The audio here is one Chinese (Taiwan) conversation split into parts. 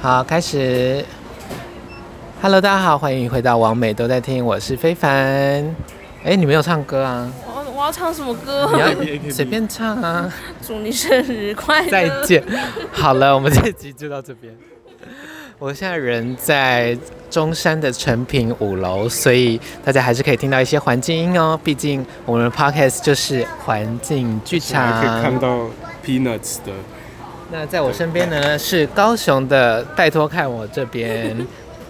好，開始。Hello，大家好，歡迎回到《網美都在聽》，我是飛帆。哎、欸，你沒有唱歌啊？我我要唱什麼歌？你要隨便唱啊。祝你生日快樂！再見。好了，我們這集就到這邊。我現在人在中山的誠品五樓，所以大家還是可以聽到一些環境音哦。畢竟我們的 podcast 就是環境劇場。你可以看到 peanuts 的。那在我身邊呢是高雄的，拜托看我這邊，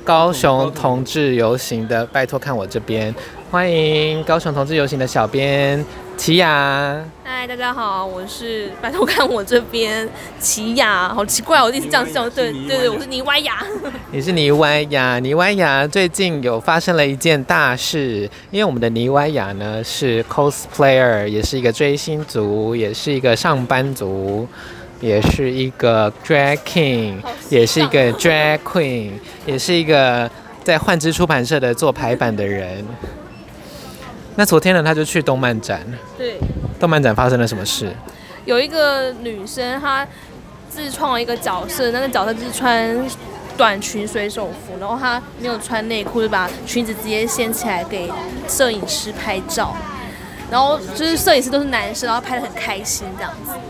高雄同志遊行的，拜托看我這邊，歡迎高雄同志遊行的小編齊雅。嗨，Hi, 大家好，我是拜托看我這邊齊雅，好奇怪，我第一次這樣笑，對對對，我是倪歪亞，你是倪歪亞，倪歪亞最近有發生了一件大事，因為我們的倪歪亞呢是 cosplayer，也是一個追星族，也是一個上班族。也是一個 Drag King，也是一個 Drag Queen，也是一個在幻之出版社的做排版的人。那昨天呢，他就去動漫展。對。動漫展發生了什麼事？有一個女生，她自創了一個角色，那個角色就是穿短裙水手服，然後她沒有穿內褲，就把裙子直接掀起來給攝影師拍照，然後就是攝影師都是男生，然後拍得很開心這樣子。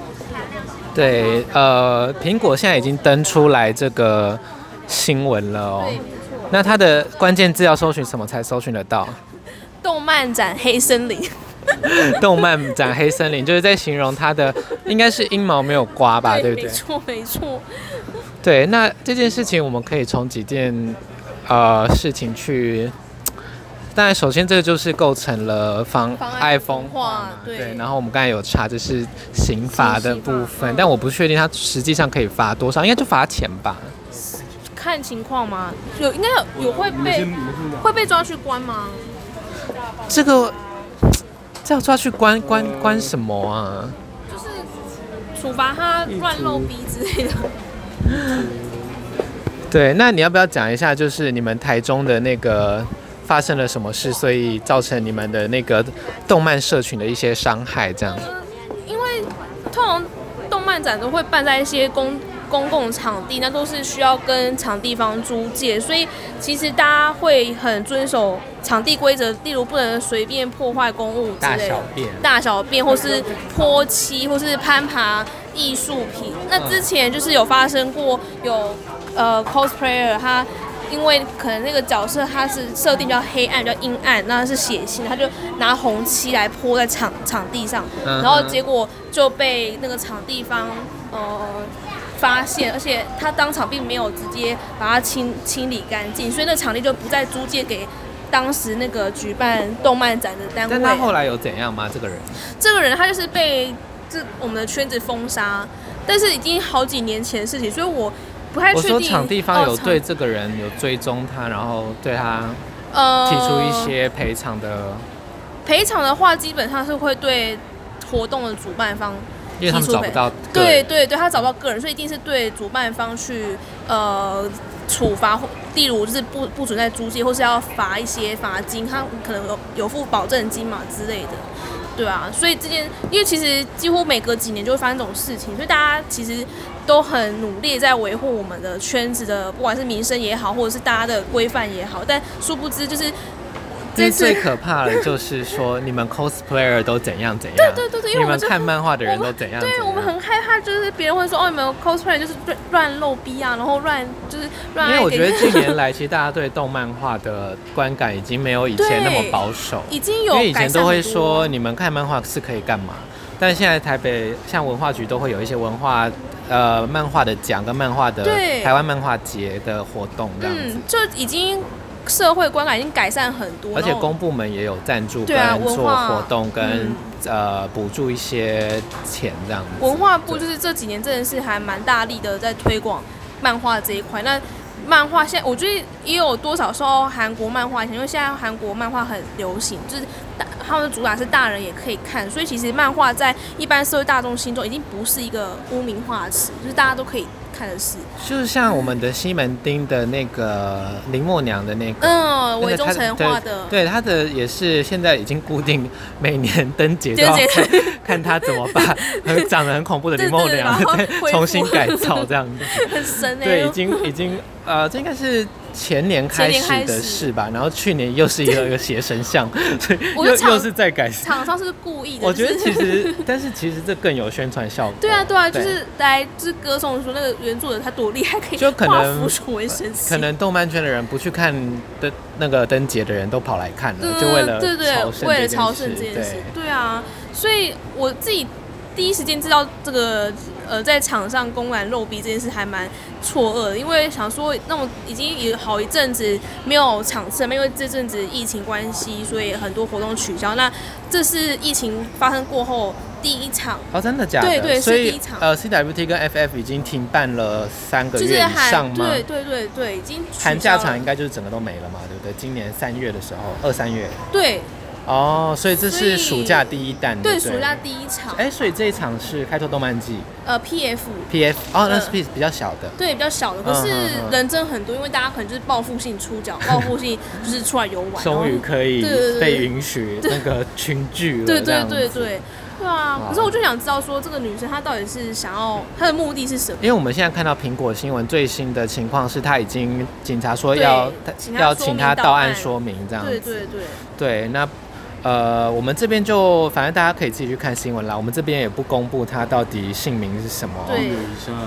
對，呃，蘋果現在已經登出來這個新聞了哦。那它的關鍵字要搜尋什麼才搜尋得到？動漫展黑森林。 動漫展黑森林就是在形容它的，應該是陰毛沒有刮吧，對不對？對對對，沒錯，沒錯。對，那這件事情我們可以從幾件呃事情去。但首先這個就是構成了妨礙風化，對。然後我們剛才有查就是刑罰的部分，但我不確定他實際上可以罰多少，應該就罰錢吧？看情況嗎？有應該有，有會被會被抓去關嗎？這個這樣抓去關關關什麼啊？就是處罰他亂露鼻之類的。對，那你要不要講一下，就是你們台中的那個？發生了什麼事，所以造成你們的那個動漫社群的一些傷害？這樣子，因為通常動漫展都會辦在一些公公共場地，那都是需要跟場地方租借，所以其實大家會很遵守場地規則，例如不能隨便破壞公物，大小便，大小便或是潑漆或是攀爬藝術品。嗯、那之前就是有發生過有，有呃 cosplayer 他。因為可能那個角色他是設定比較黑暗、比較陰暗，那是血腥，他就拿紅漆來潑在場場地上，然後結果就被那個場地方呃發現，而且他當場並沒有直接把它清清理乾淨，所以那場地就不再租借給當時那個舉辦動漫展的單位。但他後來有怎樣嗎？這個人，這個人他就是被這我們的圈子封殺，但是已經好幾年前的事情，所以我。不太確定，我說場地方有對這個人有追蹤他，然後對他呃提出一些賠償的賠償，呃，的話，基本上是會對活動的主辦方提出賠。因為他們找不到個人。對對對，他找不到個人，所以一定是對主辦方去呃處罰，例如就是不不存在租借，或是要罰一些罰金，他可能有有付保證金嘛之類的。對啊，所以這件，因為其實幾乎每隔幾年就會發生這種事情，所以大家其實都很努力在維護我們的圈子的，不管是名聲也好，或者是大家的規範也好，但殊不知就是。其實最可怕的，就是說你們 cosplayer 都怎樣怎樣？對對對對，因為你們看漫畫的人都怎樣？對我們很害怕，就是別人會說哦，你們 cosplayer 就是亂亂露逼啊，然後亂就是亂。因為我覺得近年來，其實大家對動漫畫的觀感已經沒有以前那麼保守，已經有因為以前都會說你們看漫畫是可以幹嘛，但現在在台北像文化局都會有一些文化呃漫畫的獎跟漫畫的台灣漫畫節的活動這樣子，就已經。社會觀感已經改善很多，而且公部門也有贊助跟對、啊、文化做活動跟，跟、嗯、呃補助一些錢這樣子。文化部就是這幾年真的是還蠻大力的在推廣漫畫這一塊。對那漫畫現在我覺得也有多少受到韓國漫畫影響，因為現在韓國漫畫很流行，就是大他們的主打是大人也可以看，所以其實漫畫在一般社會大眾心中已經不是一個污名化詞，就是大家都可以。看的是，就像我們的西門町的那個林默娘的那個，嗯，我也中成化的，對，對他的也是現在已經固定，每年燈節都要看，看他怎麼辦，很長得很恐怖的林默娘。對對對，重新改造，這樣子， 很神、欸，對，已經已經，呃，這應該是。前年開始的事吧，然後去年又是一個一個邪神像，對，又又是在改，廠商是故意的。我覺得其實，但是其實這更有宣傳效果。對啊，對啊，就是來就是歌頌說那個原作者他多厲害，可以就可能化腐朽為神奇。可能動漫圈的人不去看的，那個燈節的人都跑來看了，就為了對對，為了朝聖這件事。對啊，所以我自己第一時間知道這個。呃，在場上公然露鼻這件事還蠻錯愕的，因為想說那種已經有好一陣子沒有場次了，因為這陣子疫情關係，所以很多活動取消。那這是疫情發生過後第一場。哦，真的假的？對,對對，所以是第一場。呃，CWT 跟 FF 已經停辦了三個月以上嘛？對對對對，已經。寒假場應該就是整個都沒了嘛，對不對？今年三月的時候，二三月。對。哦，所以這是暑假第一彈，對暑假第一場。哎，所以這一場是開拓動漫祭，呃，P F P F，哦，那是 P 比較小的，對，比較小的，可是人真很多，因為大家可能就是報復性出腳，報復性就是出來遊玩，終於可以被允許那個群聚了，對對對對，對啊。可是我就想知道說，這個女生她到底是想要她的目的是什麼？因為我們現在看到蘋果新聞最新的情況是，她已經警察說要要請她到案說明，這樣，對對對，對，那。呃，我們這邊就反正大家可以自己去看新聞啦。我們這邊也不公布他到底姓名是什麼，對，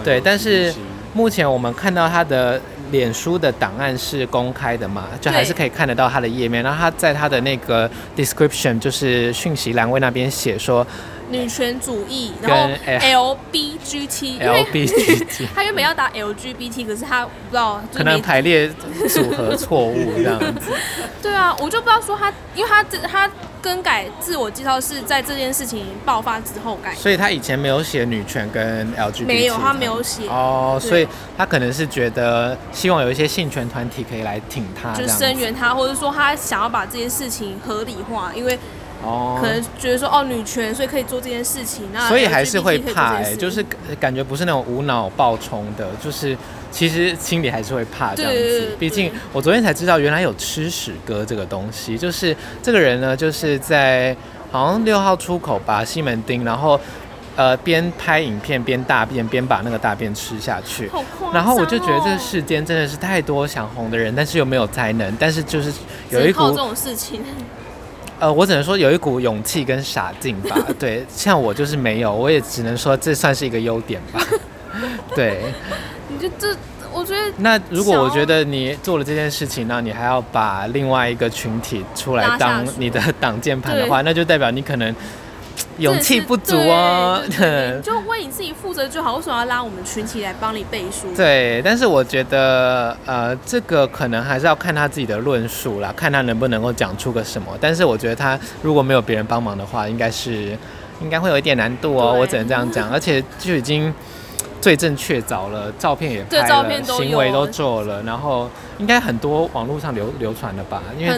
對，但是目前我們看到他的臉書的檔案是公開的嘛，就還是可以看得到他的頁面。然後他在他的那個 description 就是訊息欄位那邊寫說。女權主義，然後 L B G T L B G T，他原本要打 L G B T，可是他不知道、就是、T, 可能排列組合錯誤這樣子。 對啊，我就不知道說他，因為他他,他更改自我介紹是在這件事情爆發之後改，所以他以前沒有寫女權跟 L G B T 沒有，他沒有寫哦，對所以他可能是覺得希望有一些性權團體可以來挺他，就聲援他，或者說他想要把這件事情合理化，因為。Oh, 可能覺得說哦女權，所以可以做這件事情，那所以還是會怕哎、欸，就是感覺不是那種無腦爆衝的，就是其實心裡還是會怕這樣子。畢竟對 我昨天才知道原來有吃屎哥這個東西，就是這個人呢就是在好像六號出口吧西門町，然後呃邊拍影片邊大便，邊把那個大便吃下去。好誇張！哦、然後我就覺得這個世間真的是太多想紅的人，但是又沒有才能，但是就是有一股這種事情。呃，我只能說有一股勇氣跟傻勁吧，對，像我就是沒有，我也只能說這算是一個優點吧，對。你就這，我覺得那如果我覺得你做了這件事情，那你還要把另外一個群體出來當你的擋箭牌的話，對那就代表你可能，勇氣不足哦、喔，就為你自己負責就好。為什麼要拉我們群體來幫你背書？對，但是我覺得，呃，這個可能還是要看他自己的論述啦，看他能不能夠講出個什麼。但是我覺得，他如果沒有別人幫忙的話，應該是應該會有一點難度哦、喔。對我只能這樣講，而且就已經。罪證確鑿了，照片也拍了，了行為都做了，然後應該很多網絡上流流傳了吧？因為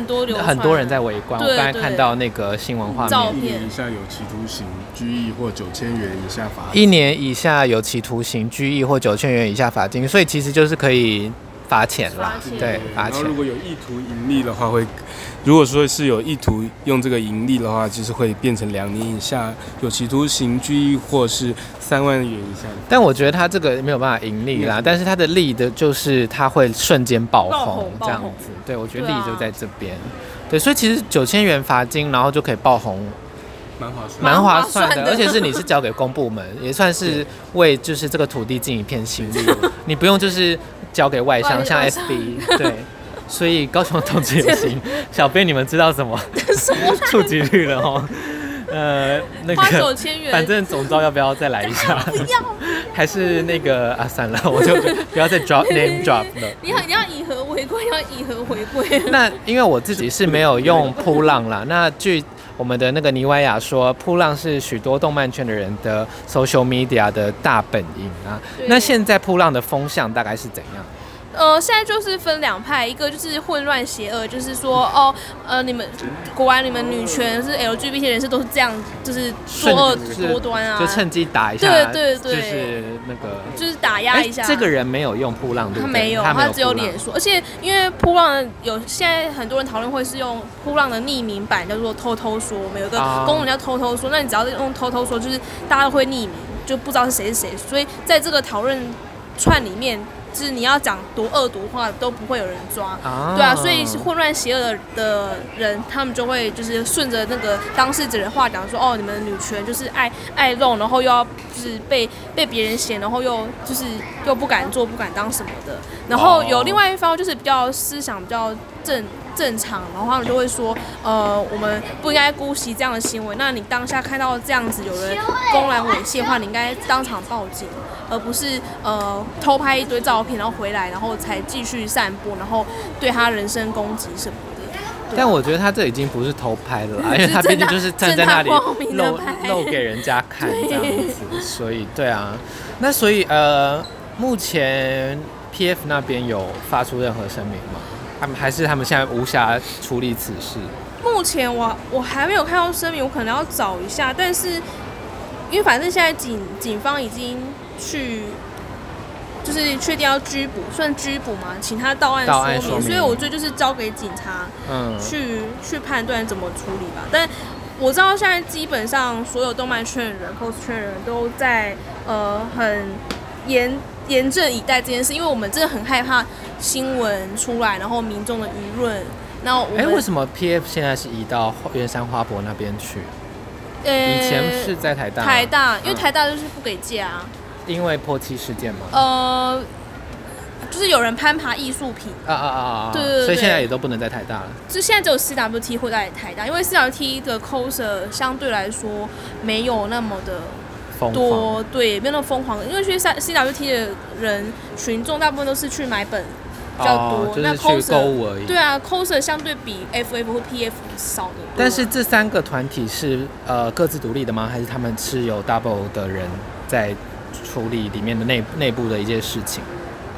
很多人在圍觀。對對對我剛才看到那個新聞畫面。照片。一年以下有期徒刑、拘役或九千元以下罰。一年以下有期徒刑、拘役或九千元以下罰金，所以其實就是可以。罰錢啦，罰錢 對，罰錢。如果有意圖盈利的話，會，如果說是有意圖用這個盈利的話，就是會變成兩年以下有期徒刑、拘役，或是三萬元以下。但我覺得他這個沒有辦法盈利啦，但是他的利的就是他會瞬間爆紅，這樣子，對，我覺得利就在這邊，對，所以其實九千元罰金，然後就可以爆紅，蠻划算，蠻划算的，而且是你是交給公部門，也算是為就是這個土地盡一片心力。你不用就是。交給外商，像 SB，對，所以高雄同志也行。是小編你們知道什麼？觸及率了哈，呃，那個花九千元，反正總召要不要再來一下？不要，不要還是那個啊，算了，我就不要再 drop name drop 了。你要你要以和為貴，要以和為貴。那因為我自己是沒有用噗浪啦。那據。我們的那個倪歪亞說，撲浪是許多動漫圈的人的 social media 的大本營啊。對那現在撲浪的風向大概是怎樣？呃，現在就是分兩派，一個就是混亂邪惡，就是說，哦，呃，你們國外你們女權是 LGBT 人士都是這樣，就是作惡多端啊，就趁機打一下，對對對，就是那個就是打壓一下，欸。這個人沒有用噗浪對不對？他沒有，他只有臉說。而且因為噗浪的有現在很多人討論會是用噗浪的匿名版叫做偷偷說，我們有個功能叫偷偷說，啊、那你只要是用偷偷說，就是大家都會匿名，就不知道是誰是誰。所以在這個討論串裡面。就是你要講毒惡毒的話都不會有人抓，啊對啊，所以混亂邪惡的、的人他們就會就是順着那個當事者的話講說，哦，你們女權就是愛愛弄然後又要就是被被別人嫌然後又就是又不敢做不敢當什麼的，然後有另外一方就是比較思想比較正。正常，然後他們就會說，呃，我們不應該姑息這樣的行為。那你當下看到這樣子有人公然猥褻的話，你應該當場報警，而不是呃偷拍一堆照片，然後回來，然後才繼續散布，然後對他人身攻擊什麼的。啊、但我覺得他這已經不是偷拍了，因為他畢竟就是站在那裡露露，露給人家看對這樣子，所以對啊，那所以呃，目前 P F 那邊有發出任何聲明嗎？還是他們現在無暇處理此事？目前我我還沒有看到聲明，我可能要找一下。但是因為反正現在警警方已經去，就是確定要拘捕，算拘捕嘛，請他到案說明。說明，所以我覺得就是交給警察，嗯，去去判斷怎麼處理吧。但我知道現在基本上所有動漫圈的人、cos 圈的人都在呃很嚴嚴陣以待這件事，因為我們真的很害怕。新聞出來，然後民眾的輿論，那我哎、欸，為什麼 P F 現在是移到圓山花博那邊去？呃、欸，以前是在台大、台大，因為台大就是不給借啊。因為潑漆事件嗎？呃，就是有人攀爬藝術品啊啊，啊啊啊！對對對，所以現在也都不能在台大了。就現在只有 C W T 會在台大，因為 C W T 的 coser 相對來說沒有那麼的。多對，沒有那麼瘋狂，因為去 CWT 的人群眾大部分都是去買本比較多，哦，就是、那 coser 對啊，coser 相對比 FF 或 PF 少的。但是這三個團體是呃各自獨立的嗎？還是他們是有 double 的人在處理裡面的內內部的一些事情？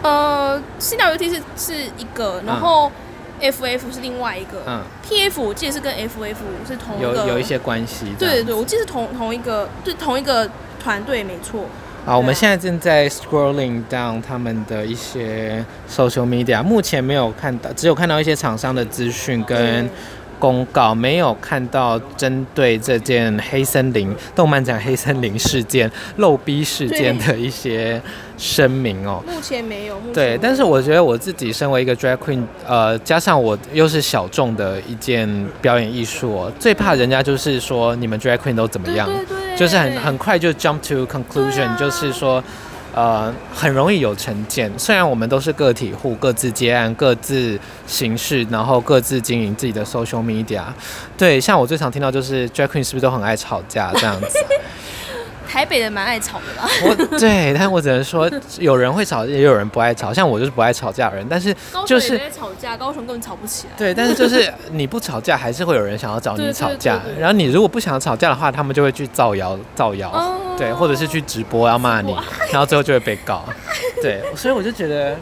呃，CWT 是是一個，然後、嗯。F F 是另外一個、嗯、，P F 我記得是跟 F F 是同一個，有有一些關係。對，對對，我記得是同同一個，就同一個團隊沒錯。好，我們現在正在 scrolling down 他們的一些 social media，目前沒有看到，只有看到一些廠商的資訊跟、嗯。嗯公告沒有看到針對這件黑森林動漫展黑森林事件漏逼事件的一些聲明哦。目前沒有，沒有，對，但是我覺得我自己身為一個 drag queen，呃，加上我又是小眾的一件表演藝術哦，最怕人家就是說，你們 drag queen 都怎麼樣，對對對，就是很很快就 jump to conclusion，對啊，就是說。呃，很容易有成見。雖然我們都是個體戶，各自接案，各自行事，然後各自經營自己的 social media。對，像我最常聽到就是 drag queen 是不是都很愛吵架這樣子、啊。 台北人蠻愛吵的吧？我對，但是我只能說，有人會吵，也有人不愛吵。像我就是不愛吵架的人，但是就是高雄也在吵架，高雄根本吵不起來、啊。對，但是就是你不吵架，還是會有人想要找你吵架。對對對對對，然後你如果不想要吵架的話，他們就會去造謠，造謠，哦、對，或者是去直播要罵你，哇然後最後就會被告。對，所以我就覺得，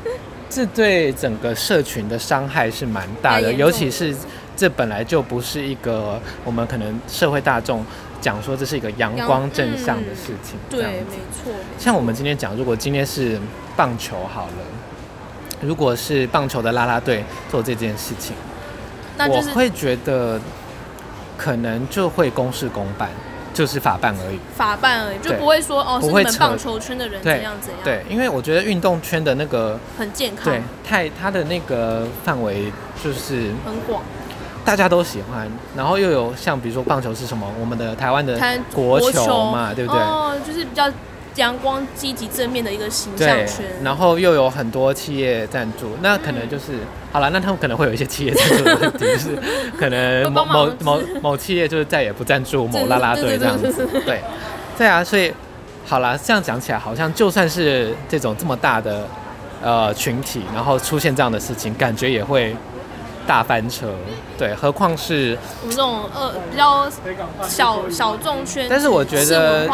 這對整個社群的傷害是蠻大的，尤其是這本來就不是一個我們可能社會大眾。講說這是一個陽光正向的事情這樣子、嗯，對，沒錯。沒錯，像我們今天講，如果今天是棒球好了，如果是棒球的啦啦隊做這件事情，那就是、我會覺得可能就會公事公辦，就是法辦而已，法辦而已，就不會說對哦，是你們棒球圈的人怎樣怎樣對。對，因為我覺得運動圈的那個很健康，對太他的那個範圍就是很廣。大家都喜歡，然後又有像比如說棒球是什麼，我們的台灣的國球嘛，球，對不對？哦，就是比較陽光、積極、正面的一個形象圈，然後又有很多企業贊助，那可能就是、嗯、好了。那他們可能會有一些企業贊助的問題， 是可能某某某某企業就是再也不贊助某拉拉隊這樣子。對，對啊，所以好了，這樣講起來，好像就算是這種這麼大的呃群體，然後出現這樣的事情，感覺也會。大翻車，對，何況是我們這種呃比較小小眾圈，但是我覺得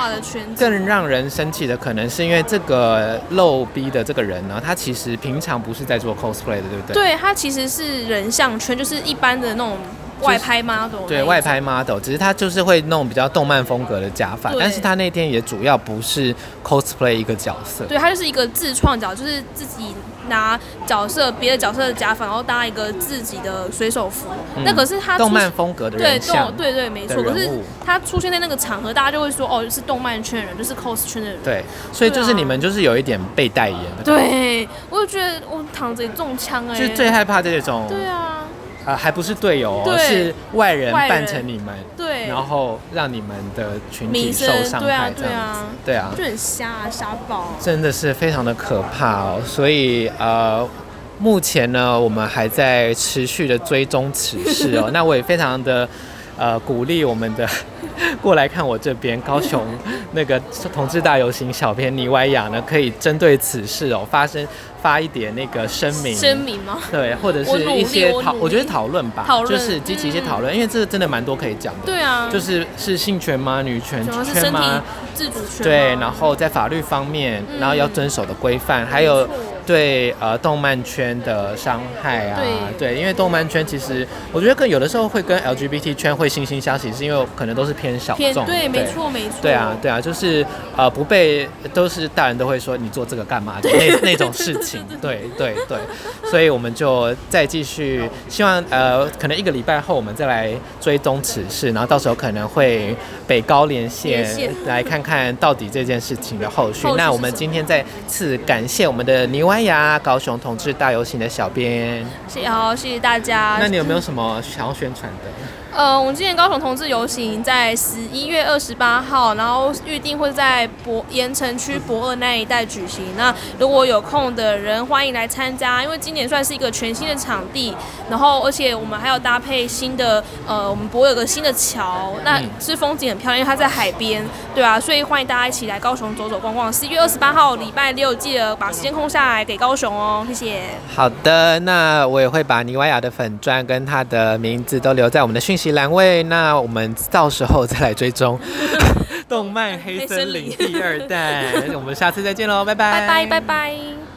更讓人生氣的，可能是因為這個露逼的這個人呢、啊，他其實平常不是在做 cosplay 的，對不對？對，他其實是人像圈，就是一般的那種外拍 model，、就是、對外拍 model，只是他就是會弄比較動漫風格的假髮對但是他那天也主要不是 cosplay 一個角色，對，他就是一個自創角，就是自己。搭角色，別的角色的假髮，然後搭一個自己的水手服。嗯、那可是他動漫風格的人像對，對對對，沒錯。可是他出現在那個場合，大家就會說：“哦，是動漫圈的人，就是 cos 圈的人。”對，所以就是、啊、你們就是有一點被代言。對，對，我就覺得我躺着也中槍哎，就最害怕這種。對啊，啊、呃，還不是隊友，對而是外人，外人扮成你們。對然後讓你們的群體受傷害，這樣子，對啊，對啊，就很瞎啊，瞎爆，真的是非常的可怕哦。所以呃，目前呢，我們還在持續的追蹤此事哦。 那我也非常的。呃，鼓勵我們的過來看我這邊高雄那個同志大遊行小編倪歪亞呢，可以針對此事哦、喔、發聲發一點那個聲明聲明嗎？對，或者是一些討，我，我，我覺得討論吧，討論就是激起一些討論，嗯、因為這個真的蠻多可以講的。對啊、嗯，就是是性權嗎？女權、圈權嗎？主自主權。對，然後在法律方面，嗯、然後要遵守的規範，還，還有。對呃，動漫圈的傷害啊，對，對，因為動漫圈其實我覺得跟有的時候會跟 LGBT 圈會惺惺相惜，是因為可能都是偏小眾，對，沒錯沒錯，對啊對啊，就是呃不被都是大人都會說你做這個幹嘛，對就那那種事情， 對對對，所以我們就再繼續，希望呃可能一個禮拜後我們再來追蹤此事，然後到時候可能會北高連線來看看到底這件事情的後續。後續那我們今天再次感謝我們的倪歪亞。歡迎、啊、高雄同志大遊行的小編，謝謝，然後謝謝大家。那你有沒有什麼想要宣傳的？呃，我們今年高雄同志遊行在十一月二十八號，然後預定會在駁、鹽埕區駁二那一帶舉行。那如果有空的人，歡迎來參加，因為今年算是一個全新的場地。然後，而且我們還要搭配新的，呃，我們駁二有個新的橋，那是風景很漂亮，因為它在海邊，對啊。所以歡迎大家一起來高雄走走逛逛。十一月二十八號禮拜六，記得把時間空下來給高雄哦，謝謝。好的，那我也會把倪歪亞的粉專跟他的名字都留在我們的訊息。喜蘭位，那我們到時候再來追蹤《 動漫黑森林》第二代，我們下次再見嘍，拜拜，拜拜，拜拜。